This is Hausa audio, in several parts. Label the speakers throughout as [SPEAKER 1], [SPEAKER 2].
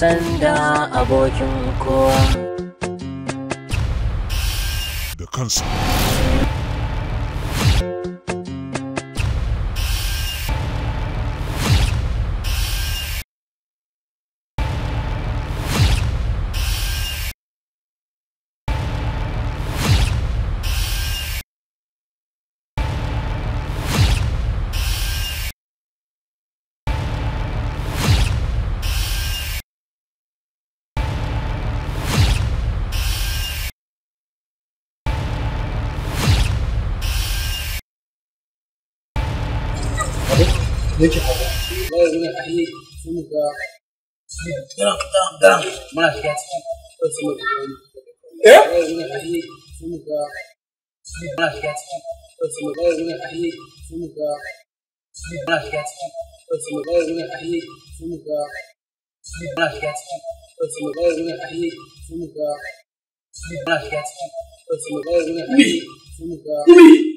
[SPEAKER 1] sanda abokin
[SPEAKER 2] kowa. Da kansa. 我来喊你，兄
[SPEAKER 1] 弟哥！d n down d n 我来喊我我我我我我哥！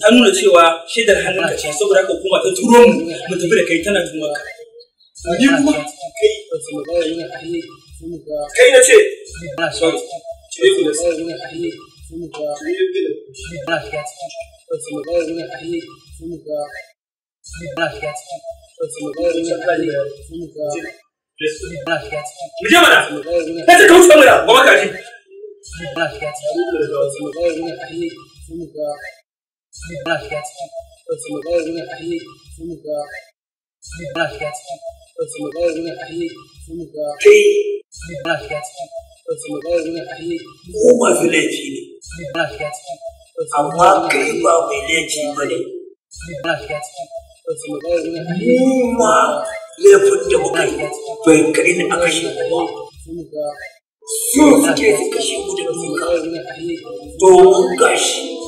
[SPEAKER 1] ta nuna cewa shaidar hannunka ce saboda haka hukuma ta turo mu mu tafi da kai tana tuhumar ka ni kuma kai na ce Bana shiga ciki ko ce mu bayar nuna kalle sai mu ga bana shiga ciki ko ce mu bayar nuna kalle sai mu ga bana shiga ciki ko ce mu bayar nuna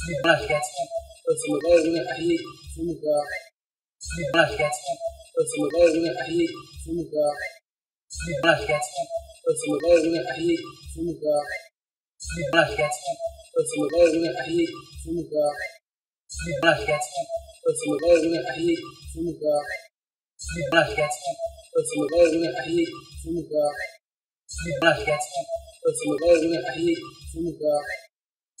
[SPEAKER 1] muna shiga ciki to su magana muna tare sun ga muna shiga ciki to su magana muna tare sun ga muna shiga ciki to su magana muna tare sun ga muna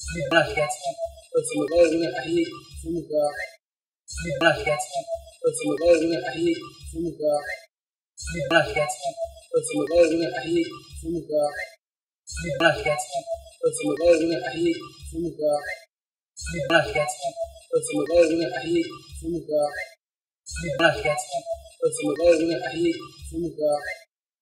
[SPEAKER 1] 兄弟们来听，有什么歌就来喊你，什么歌？兄弟们来什么歌就来喊你，什么歌？兄弟们来什么歌就来喊你，什么歌？兄弟们来什么歌就来喊你，什么歌？兄弟们来什么歌就来喊你，什么歌？兄弟们来什么歌就来喊你，什么歌？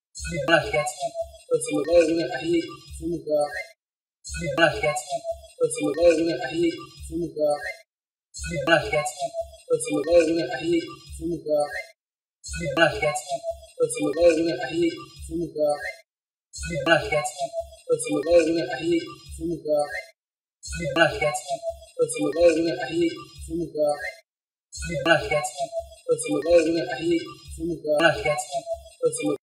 [SPEAKER 1] 兄弟们来什么歌就来兄弟们来听，有什么 ثم غير من التحليل ثم نافية ثم غير من التحليل ثم نافية ثم غير من التحليل ثم نافية ثم غير من التحليل ثم نافية ثم غير من التحليل ثم نافية ثم غير من التحليل
[SPEAKER 2] ثم نافية ثم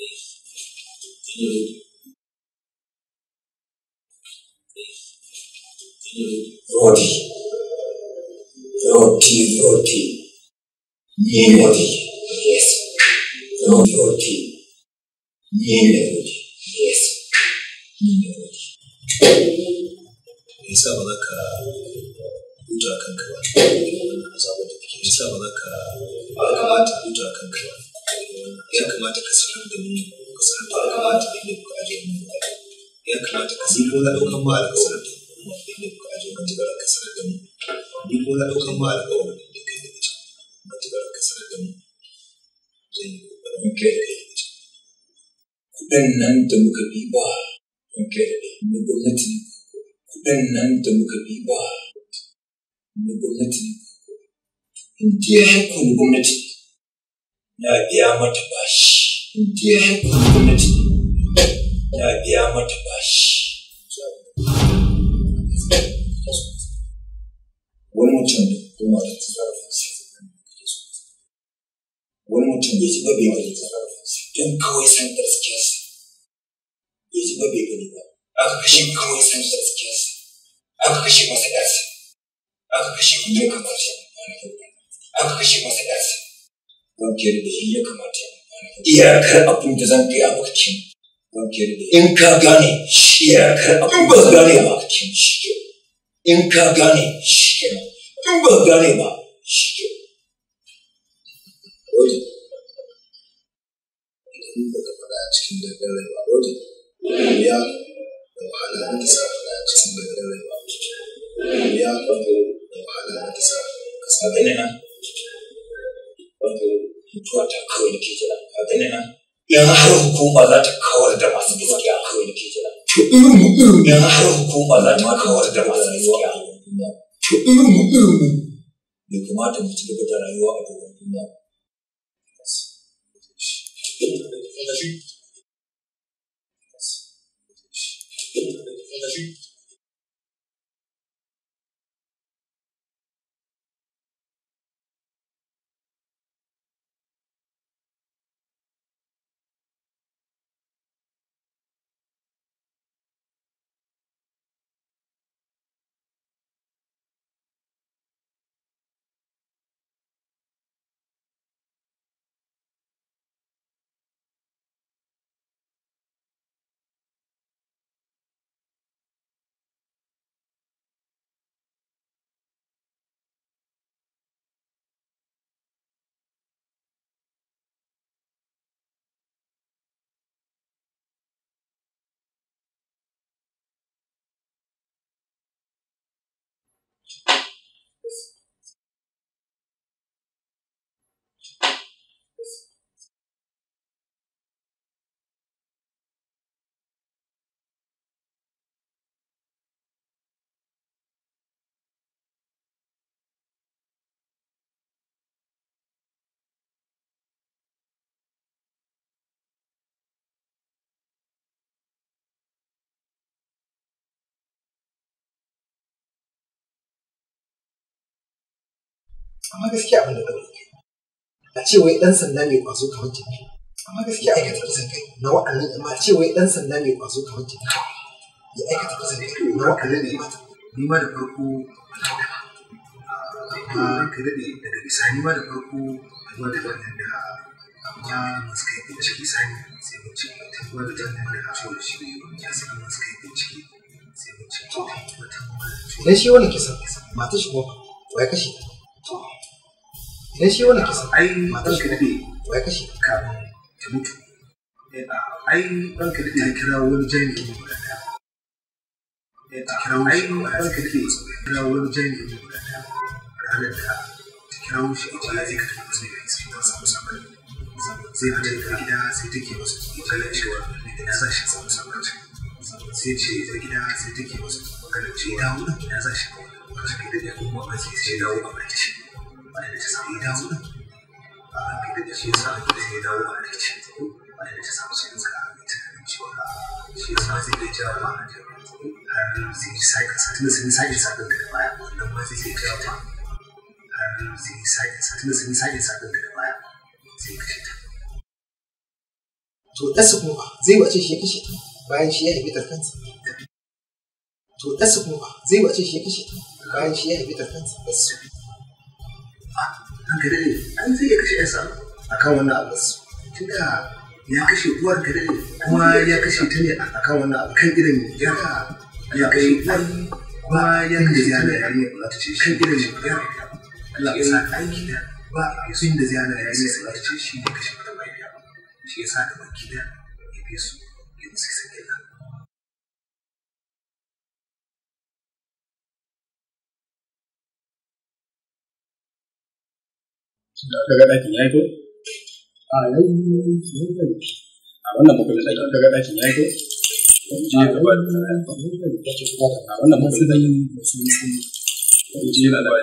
[SPEAKER 2] Roti. Roti, roti. roti. Yes. Roti, roti. Melody. Yes. Melody. roti. yasa ba za
[SPEAKER 1] ka huta kanka ba? Me yasa ba za ya kamata ka sanar da mu ka sanar da al'umma ta inda kuka aje mu ya kamata ka san ko za ɗaukan ma alƙa sanar da mu inda kuka aje matuƙar ka sanar da mu ni ko za ɗaukan ma alƙawarin da kai daga cikin matuƙar ka sanar da mu zan yi ƙoƙarin kai kai daga cikin kuɗin nan da muka bi ba don kai da na gwamnati kuɗin nan da muka bi ba na gwamnati in dai hakkun gwamnati na biya mata bashi
[SPEAKER 2] in ta yi
[SPEAKER 1] na biya mata bashi
[SPEAKER 2] wani mutum da kuma da
[SPEAKER 1] wani mutum bai ji don kawai san gaskiyarsa bai ji bai gani ba aka kashe kawai san
[SPEAKER 2] gaskiyarsa aka kashe masa aka kashe kamar shi
[SPEAKER 1] aka kashe masa dukiyar da shi ya kamata iyakar abin da zan gaya maka cin dukiyar da in ka gane shi. iyakar abin ba gane ba ka cin shi ke in ka gane shi ke in ba gane ba shi ke Wani in ba ka faɗa a cikin dangar ba wajen ya da wahala da sa faɗa a cikin dangar rai ba
[SPEAKER 2] wani ya da wahala da ta sa ka sa da
[SPEAKER 1] wato mutuwa ta kawai da ke jira kaga ne
[SPEAKER 2] nan har
[SPEAKER 1] hukuma za ta kawar da masu gaskiya kawai da ke jira to irin mu ta kawar da masu gaskiya to irin mu irin mu rayuwa a dogon
[SPEAKER 2] Thank you. amma gaskiya
[SPEAKER 1] abin da ɗaure kai. a ce wai ɗan sanda mai kwazo kamar jini amma gaskiya aikata kisan kai na wa'annan amma a ce wai ɗan sanda mai kwazo kamar ta ya aikata kisan kai na wa'annan ne mata ni ma da farko ma da farko shi ya saka masu kai bincike shi wani mata shi kuma wai kashe ta dan shi kisa ai matan ka dade wai kashi ta mutu ai dan ka dade kira wani jami'i ne ta kira wani dan ka dade kira wani jami'i ne ranar da ta kira wani shi ita ya zika ta musu ne sai ta samu sabon zai ta da gida sai take masa maganar cewa ya sa shi samu sai ce ta gida sai take masa maganar cewa ya sa shi kuma sabon sai ce dawo a barci a da ta samu ya dawo a hankali da shi ya sa da ya dawo a rikici a da ta samu shi ya tsaka a tunanin cewa shi ya sa zai iya jawo ma har sai shi sake satin sun sake sakin daga baya wannan ma zai iya jawo ma har sai shi sake satin sun sake sakin daga baya zai kashe ta. to ɗansa kuma zai wace shi ya kashe ta bayan shi ya haifi tarkansa. to ɗansa kuma zai wace shi ya kashe ta bayan shi ya haifi tarkansa. an zai kashe a kan wannan abu tunda ya kashe uwar ka kuma ya kashe ta ne a kan wannan abu kan irin ya kai uwar kuma ya kashe ta ne ba ta ce irin Allah ya sa da ba a sun da ziyara ba ta ce shi ne kashe ta mai shi ya sa
[SPEAKER 2] ya fi su sai
[SPEAKER 1] da aka ga ɗakin ya yi ko a yau a wannan makwai da aka ga ɗakin ya yi ko je gaba da a wannan masu da yin masu yi je yi da yi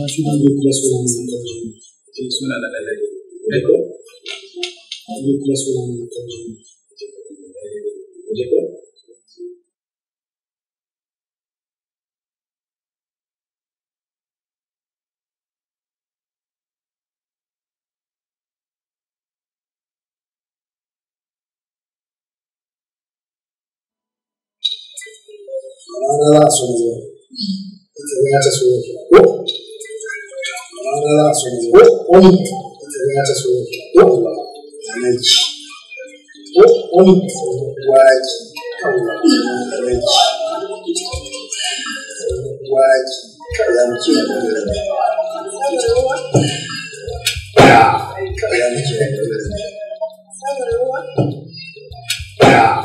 [SPEAKER 1] masu yi yin yi su yi sun yi je yi da yi aiko yi su yi sun yi
[SPEAKER 2] je yi rana za a so na zauna ita za ta so na ko rana za a so na zauna wani ita ta so na ko alaji ko
[SPEAKER 1] Yeah.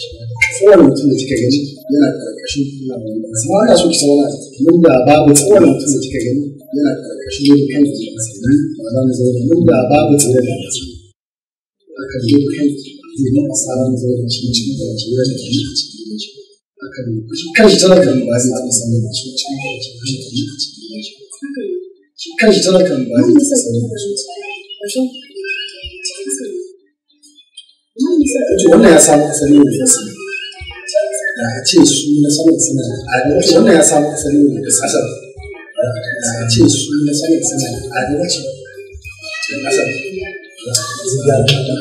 [SPEAKER 1] kowane mutum yana karkashin da wani da babu kan shi da ce su na saman suna arewaci wannan ya samu asali ne daga kasar da a ce su na saman suna arewaci da kasar zigar mata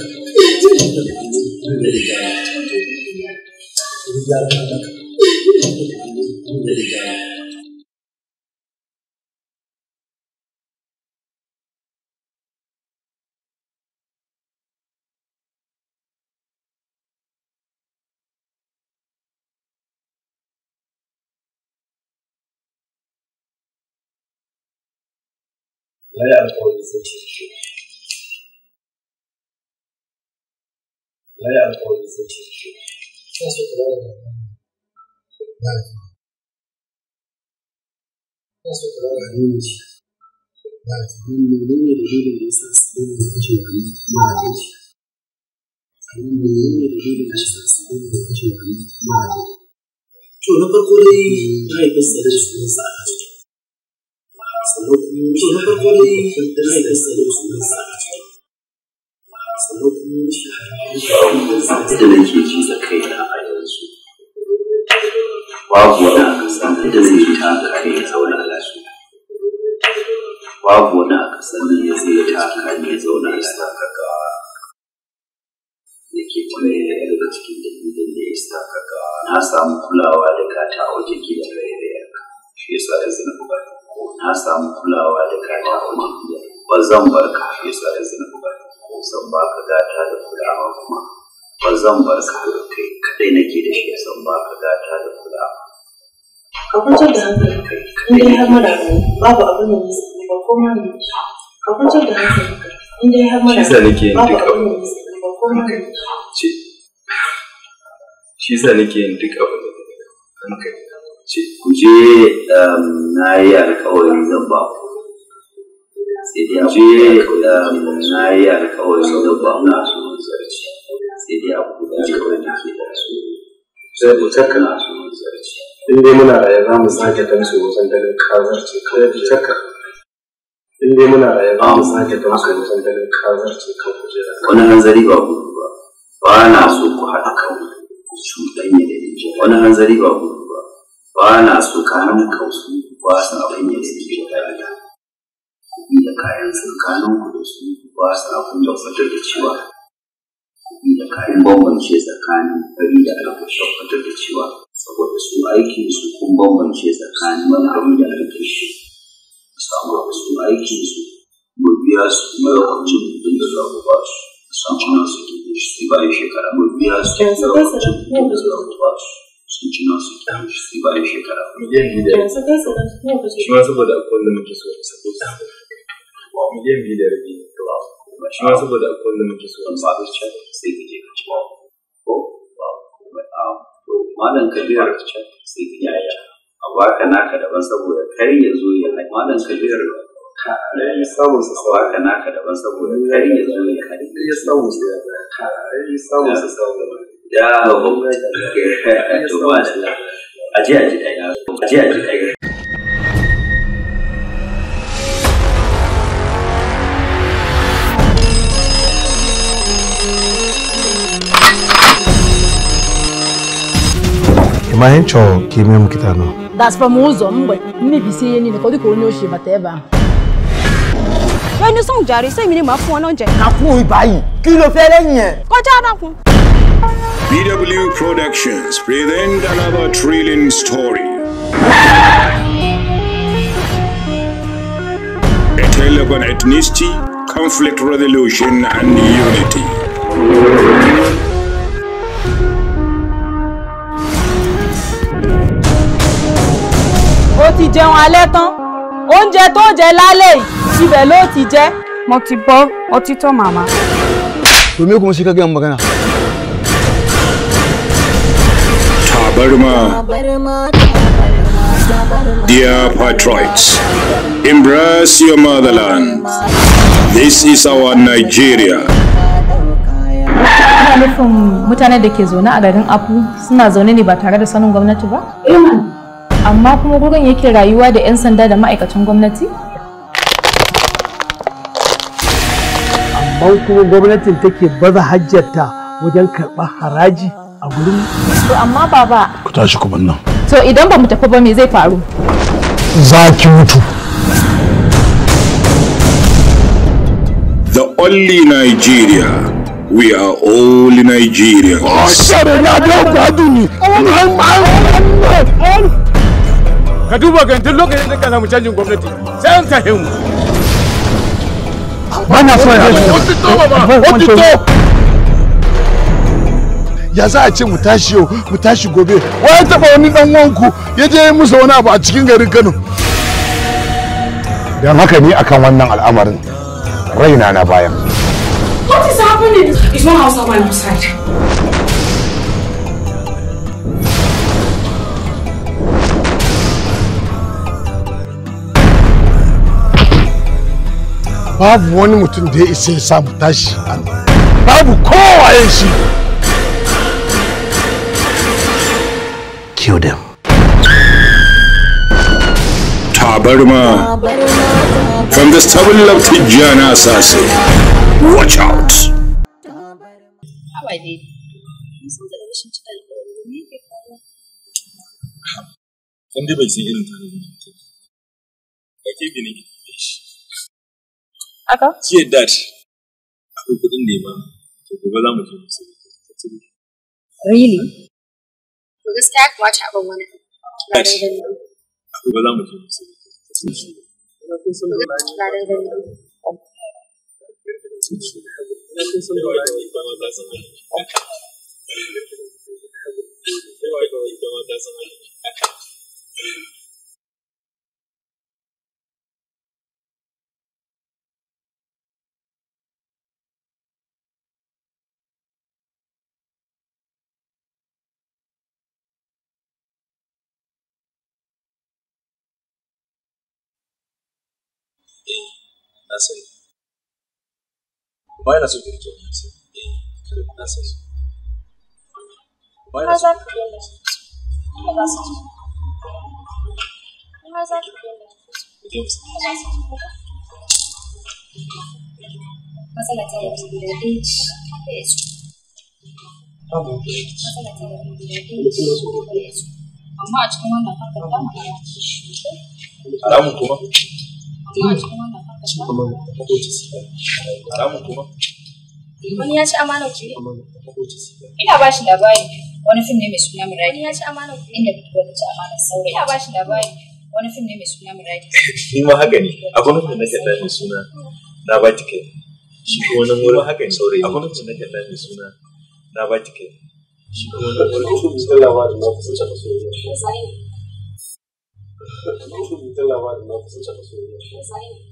[SPEAKER 1] zigar mata zigar mata ya yi alkawarin zai cece ya yi alkawarin
[SPEAKER 2] zai cece ta so ka bada
[SPEAKER 1] ta so ka bada hannun shi ba ta nan da gudun da su ne da kashe a kai shi ne da gudun da su ne da kashe wani kuma to na farko dai mahaifinsa da su kuma sa so na farko dai zai da tsaro su da da da kai na a yanzu babu wani a kasan da zai ta da kai ya zauna lafiya babu wani a kasan da zai ta kan ya zauna lafiya kaga da ke tare da daga cikin da ya sa kaga na samu kulawa da gata a wajen gidan rairayarka shi sa yanzu na bukatar na samu kulawa da kaya wajen iya ba zan bar ka ya sa ya zina ba zan ba ka gata da kulawa kuma ba zan bar ka kai kadai nake da shi zan ba ka gata da kulawa ka kwantar da hankali in dai har mara babu abin da nisa ba ko ma ne ka kwantar da hankali in dai har mara babu abin da nisa ba ko ma ne shi yasa nake yin duk abin da hankali ku je um, na yi zan ba ku sai dai ku je um, na yi zan ba ku na so zarci sai dai ku je wani ke da su sai ku taka na zarci
[SPEAKER 2] in dai muna raye za mu sake
[SPEAKER 1] dan su wajen ganin ku taka in dai muna raye za mu sake dan su wajen ganin ku je wani hanzari ba ku ba ba na so ku haɗa ku cuɗanya da wani hanzari ba ku ba na so kayan kausu ba su abin da ke da kuɗi da kayan tsakanin ku da su ba su abin da fitar da cewa
[SPEAKER 2] kuɗi da kayan bambance tsakanin fari da albashi fitar da cewa saboda
[SPEAKER 1] su aikin su kun bambance tsakanin manarun da samu da su aikin su mu biya su mara kwancin mutum da za ku ba su na su ke da shi ba shekara mu biya su mara kwancin mutum da za ku ba su sun ci kyan shi bayan shekara. Miliyan biyu da rabi. Shi ma saboda akwai muke so a saboda. Wa miliyan biyu da rabi ne kawai. Shi ma saboda akwai muke so a saboda can sai ka je ka ci. Ko? Ah, to malam sai ka daban saboda kar ya zo ya haɗe. Malam kabiyar ya samu su sawa naka daban saboda kar ya zo ya haɗe. Ya samu su ya samu su saboda. Ya hukum coba aja aja aja aja.
[SPEAKER 2] ma ihe chọrọ ka ime m kịta nọ
[SPEAKER 1] that's from ụzọ mgbe mmebisi ihe niile ka ọ dịka onye ochie bata ebe ahụ ẹni sọ̀njàre sẹ́mi ni màá fún ọ náà jẹ. kakú ìbáyìí kí ló fẹ́ lẹ́yìn ẹ̀. kọjá dákun. BW Productions present another thrilling story. A tale of an ethnicity, conflict resolution and unity.
[SPEAKER 2] Ó ti jẹun alẹ́ tán. Oúnjẹ tó ń jẹ lálẹ́
[SPEAKER 1] yìí, ibẹ̀ ló ti jẹ. Mo ti gbọ́ ọtí tán màmá. Domin kuma shi ka gaya magana. Burma, dear patriots, embrace your motherland. This is our Nigeria. Ina nufin mutanen da ke zaune a garin Apu suna zaune ne ba tare da sanin gwamnati ba? Eh, Amma kuma gurin yake rayuwa da 'yan sanda da ma'aikacin gwamnati? Amma kuma gwamnatin take baza hajjarta wajen karɓar haraji? a gurin to amma baba
[SPEAKER 2] ku tashi ku nan
[SPEAKER 1] to idan ba mu tafi ba me zai faru
[SPEAKER 2] za ki mutu
[SPEAKER 1] the only nigeria We are all nigeria. Oh, sorry, now don't bother me. I'm Ka duba ga duk lokacin da ka mu canjin gwamnati sai an sahimu. Bana so ya. Wani to ba. Wani to. ya za a ce mu tashi yau mu tashi gobe wai taba wani dan wanku ya je musu wani abu a cikin garin Kano dan haka ni akan wannan al'amarin raina na bayan
[SPEAKER 2] what is happening is one
[SPEAKER 1] house my side babu wani mutum da ya isa ya samu tashi babu kowa ya shi kill them. Tabarma.
[SPEAKER 2] From the stable of Tijjana Sase. Watch out. ki yadda Really?
[SPEAKER 1] for this stack, watch out for one rather yes. You
[SPEAKER 2] rather than na sani
[SPEAKER 1] kuma shi shi kuma makoci su haramun kuma wani ya ci amana ku ne ina ba shi labari wani fim ne mai suna muradi ya ci amana ku inda mutum wata ci amana saurayi ina ba shi labari wani fim ne mai suna muradi ni ma haka ne akwai mutum da kyalla mai suna na ba ki kai shi kuma nan wurin haka ne saurayi akwai mutum da kyalla mai suna na ba ki kai shi kuma nan wurin mutum da labarin na kusa ta soyayya labarin na kusa ta soyayya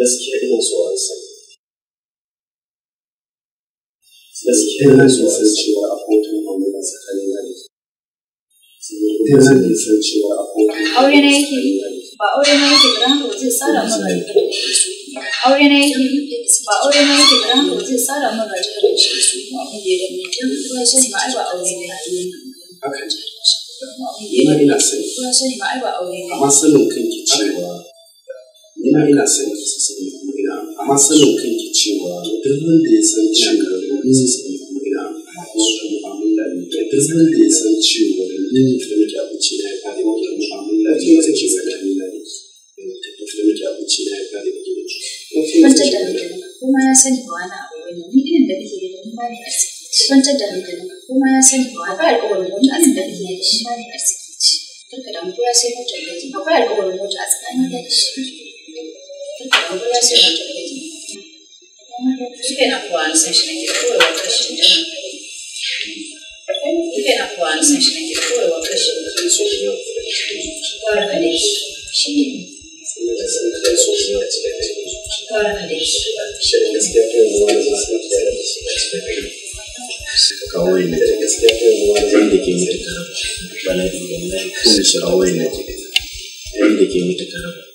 [SPEAKER 2] gaskiya ina so an sani gaskiya ina so an cewa a kotun
[SPEAKER 1] gwamnati a tsakanin na da ke zan yi san cewa a kotun aure na yake ba aure na yake ba zai tsara maka aure na yake ba aure na yake ba zai tsara ba da shi abin da ya dame ta ba shi ba ai ba aure ne haka ina ina sani ba sani ba ai ba aure ne amma sanin kanki cewa ina ka sani su sani ko ina amma sanin kanki cewa duk wanda ya san cewa su sani ko ina ne da duk wanda ya san cewa ni fitar da abinci na haifa da wata mu'amala ce eh, ta ce tsakanin na ne ta fitar da abinci na haifa da wata mu'amala ce ta ce tsakanin na ne. kuma ya sani ba wani abu ne ni irin da kake ganin ba ne a ciki. Kwantar da hankali.
[SPEAKER 2] considerable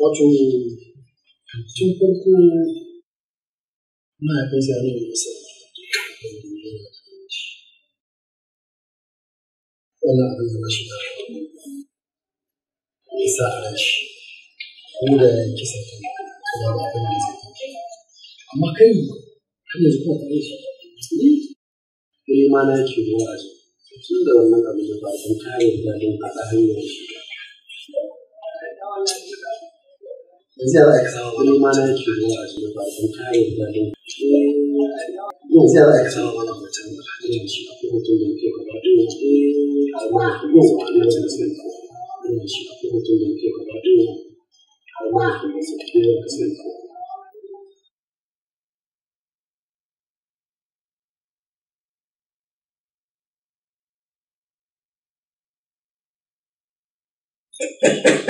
[SPEAKER 2] wato tun farko mahaifinsa ya nuna masa wannan abin ya bashi da ya sa a ran da ya
[SPEAKER 1] kisa kai ko da ba zai kai amma kai har yanzu kuma tare ne ma na ke ruwa tun da wannan abin da ba a san kayan da
[SPEAKER 2] 现在可能我能慢慢
[SPEAKER 1] 去我什么把从开始的用，用现在可能我能成为他这种学会都能给我到这种，咱们用我们这个系统，这种学会都能给我到这种，咱用我们这
[SPEAKER 2] 个系统。Thank you.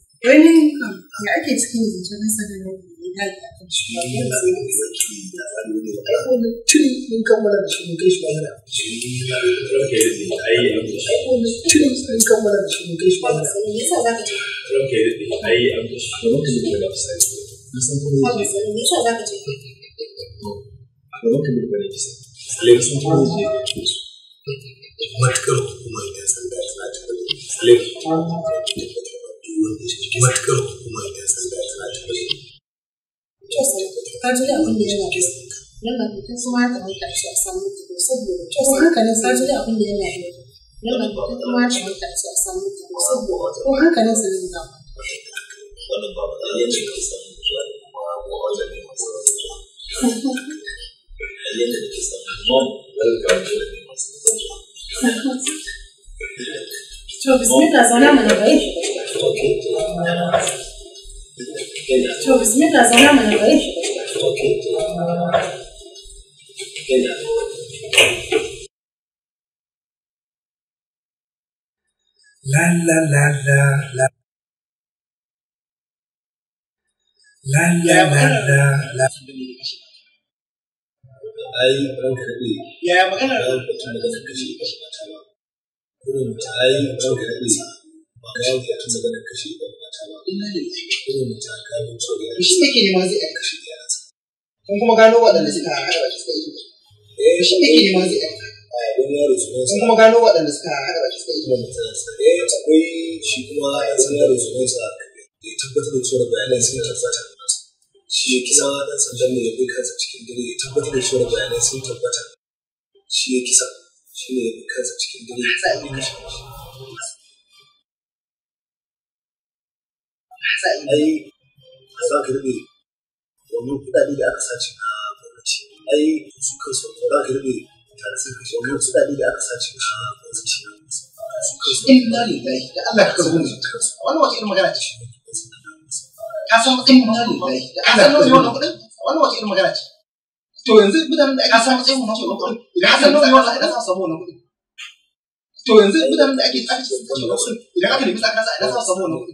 [SPEAKER 1] wani ya ake cikin zancen nasa da nan ya dace a kan shi ba ya da zai yi zaki da zai yi mun kammala da shi mun kai shi ba yana mun kammala da shi mun kai shi ba yana za ka ce da ni ai an da shi mun shi a da bane kisa sai sun fara je matakar yana kuma a kuma شو بسم الله زمان انا ايش لا لا لا لا لا لا لا لا لا لا لا لا أي أو يا مغنى أي أو خبيب ta ba ina lillahi irin mutum ka ga mutum ne shi take nema zai aika shi kun kuma gano waɗanda suka haɗa baki suka yi eh shi take nema zai aika kuma gano waɗanda suka haɗa baki suka yi eh akwai shi kuma ɗan sanar da sa. da ya tabbatar da cewa bayanan sun tabbatar shi ya kisa ɗan sandan da ya kai kansa cikin dare ya tabbatar da cewa bayanan sun tabbatar shi ya kisa shi ne ya kai kansa cikin dare ya kashe shi ai za ka daɗe wannan kuɗaɗe da aka sace na gwamnati ai su kansu za ka daɗe tare sun kashe da aka sace na gwamnati na da Allah ka wani irin magana ce ka san matsayin mu ne da Allah ka karbo mu wani wace irin magana ce to yanzu mutanen da ake san matsayin mu ne idan ka san nawa za ka samu wannan kuɗi to yanzu mutanen da ake tsaka cikin kashe wannan idan aka nemi tsaka za a samu wannan kuɗi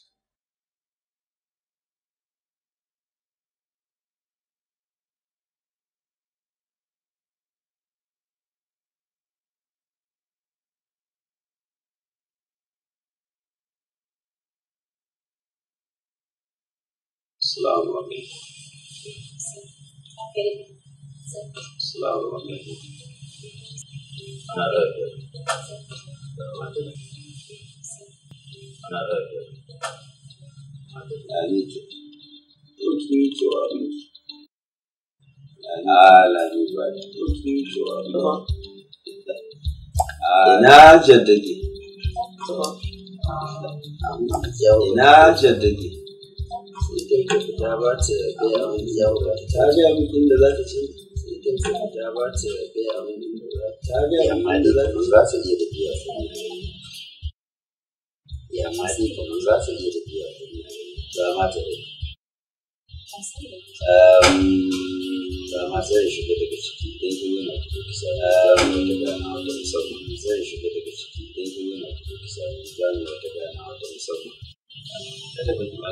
[SPEAKER 2] السلام عليكم
[SPEAKER 1] السلام عليكم أنا راجع أنا راجع أنت تكني جوابك أنا لا يوجد تكني جوابك أنا جددي أنا جددي sai ta fita ba ta gaya wani yawon ta gaya min inda za ta ce sai ta fita ba ta gaya wani ta gaya min za ta za iya tafiya ya ma dai kamar za ta iya tafiya ba ma ta da ba ma shiga daga ciki idan kin yana kito kisa wata gana wata musamman zai shiga daga ciki idan kin yana kito kisa wata gana wata musamman kada ba ki ba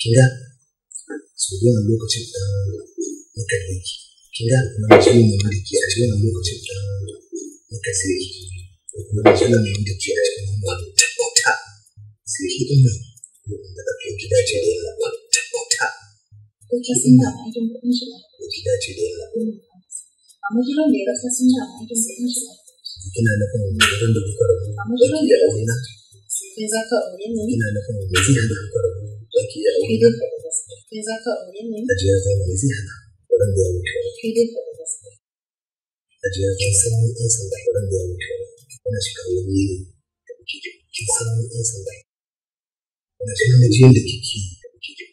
[SPEAKER 2] kin ga so da yawan lokacin da na kalle ki
[SPEAKER 1] kin ga kuma na zuwa mai da a cikin wannan lokacin dan na kalle ki ko kuma na zuwa mai da a cikin wannan tabbata sai ki din nan ko da ka kai ki dace da Allah tabbata ko ka sun da ai don kun shi ko gida ce da Allah a kiran da ya rasa sun da ai don kun shi kan wani gidan da kuka rabu a kiran da ya rasa sai za ka aure ne ina nufin gidan da kuka rabu zaki iya hau da za ka aure ne ajiyar zai hana wurin da ya mutu kai dai da gaske ajiyar kin san ɗan sanda wurin da ya mutu wani shiga wani ne da muke jin kin san ni ɗan sanda wani shiga na jiyan da kike da muke jin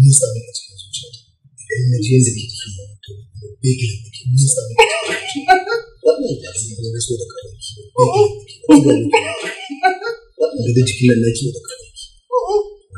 [SPEAKER 1] nisa ne a cikin zuciyarta idan na da kike to begin da ke nisa ne a cikin zuciyarta wannan ya zama so da karanki begin da ke da jikin lallaki da karanki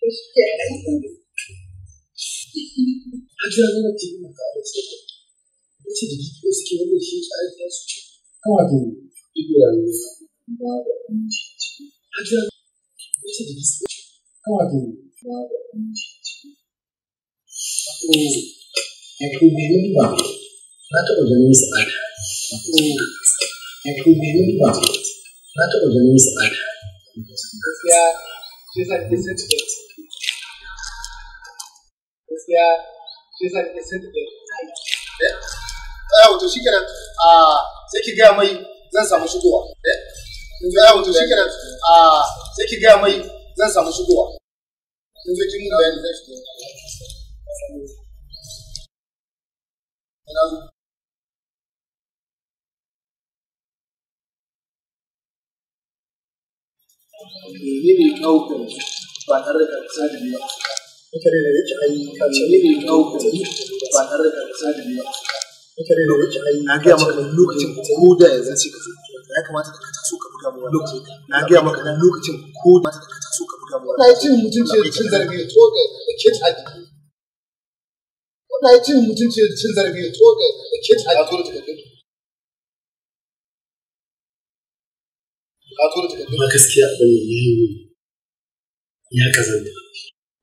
[SPEAKER 1] a kira ne na tv maka a rikicin da ce da jiki wasu ke wanda shi ta aiki su kama da ido da aminci a ne ce da jiki kama da ya ba na taɓa ganin sa'ada wato ya kuma yi ba na taɓa ganin sa'ada gaskiya sai sa ke sa cikin gaskiya shi yasa eh, wato sai ki gaya mai zan samu shigowa eh, wato a sai ki da ƙasa mutane da yake ayi kace ne ne kawo kutani ba tare da kasa da mutane da yake ayi na ga maka lokacin ko da yanzu sai ka ya kamata ka taso ka buga mu lokacin na ga maka dan lokacin ko da ka taso ka buga mu na yi cin mutunci da cin da ke taki na yi cin mutunci da cin zarafi ya toga da ke taki a zuwa da gani ka gaskiya ya yi ya kazanta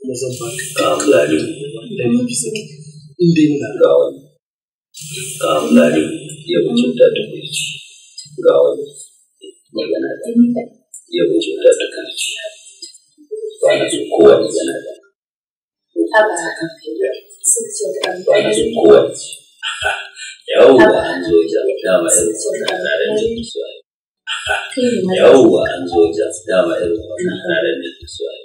[SPEAKER 1] kuma zan ba ka kamulari ɗari ya wuce ta ta kurci ga ya wuce ta ta kurci ba na so kowa magana da Aba, sun ce ka ba na an zo ja dama irin wannan da ta suwaye yawwa an zo dama irin wannan da suwaye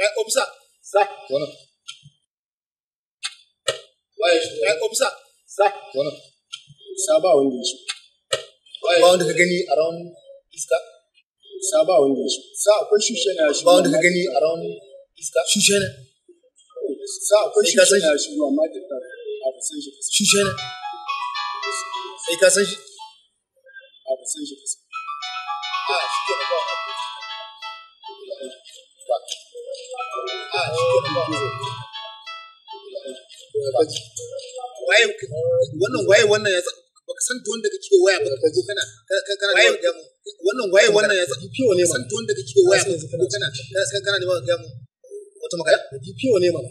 [SPEAKER 1] Right, officer. Sir. Zona. Waye shi? Right, officer. Sir. Zona. Sa ba wanda ya shi. Ba wanda ka gani a ran iska? Sa ba wanda ya shi. Sa akwai shushe na shi. Ba wanda gani a ran iska? na. Sa akwai shushe na shi ruwa ma da a ba san shi. Shushe na. Sai ka A ba san shi. A ah, shi ke wannan waye wannan ya baka san tuwon da kake waya ba ka kana kana wannan waye wannan ya ne san tuwon waya ba ka kana kana kana wata magana ne ma ka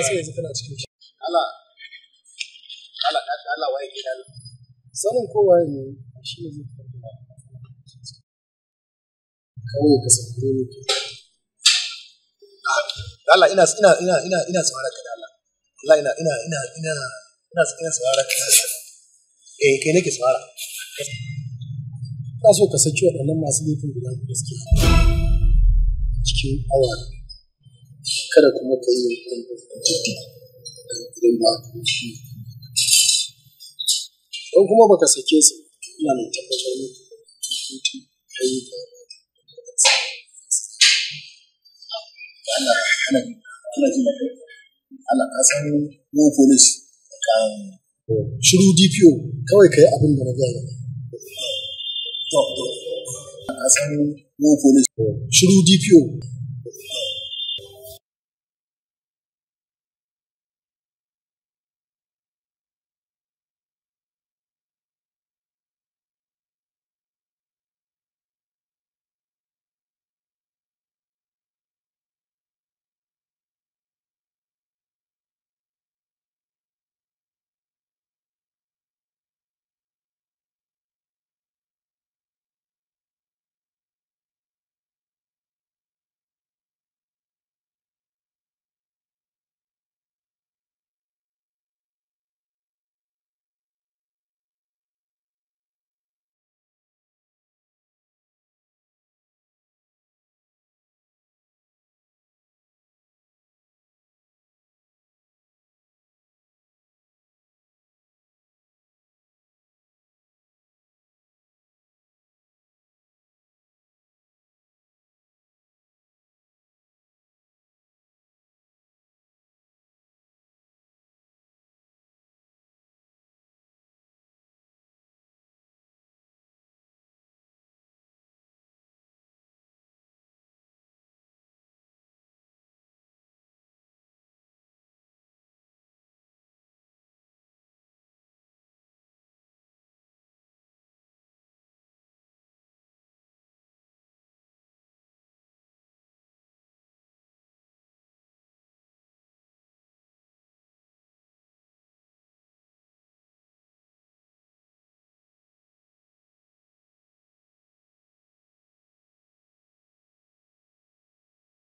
[SPEAKER 1] san yanzu kana cikin Allah Allah Allah waye ke da sanin ko waye ne shi ne zai fara kawai ka san ne Allah ina ina ina ina ina ka da Allah Allah ina ina ina ina ina ina ka eh kai nake Ka so ka saki waɗannan masu laifin guda biyu suke. cikin awa kada kuma ka yi jiddi idan ba ka shi don kuma baka sake su ina mai tabbatar muku kai da Ana kana ji maka Allah ka san um, mu police shiru DPO kawai kai abin da na ga yana to to ka mu police shiru DPO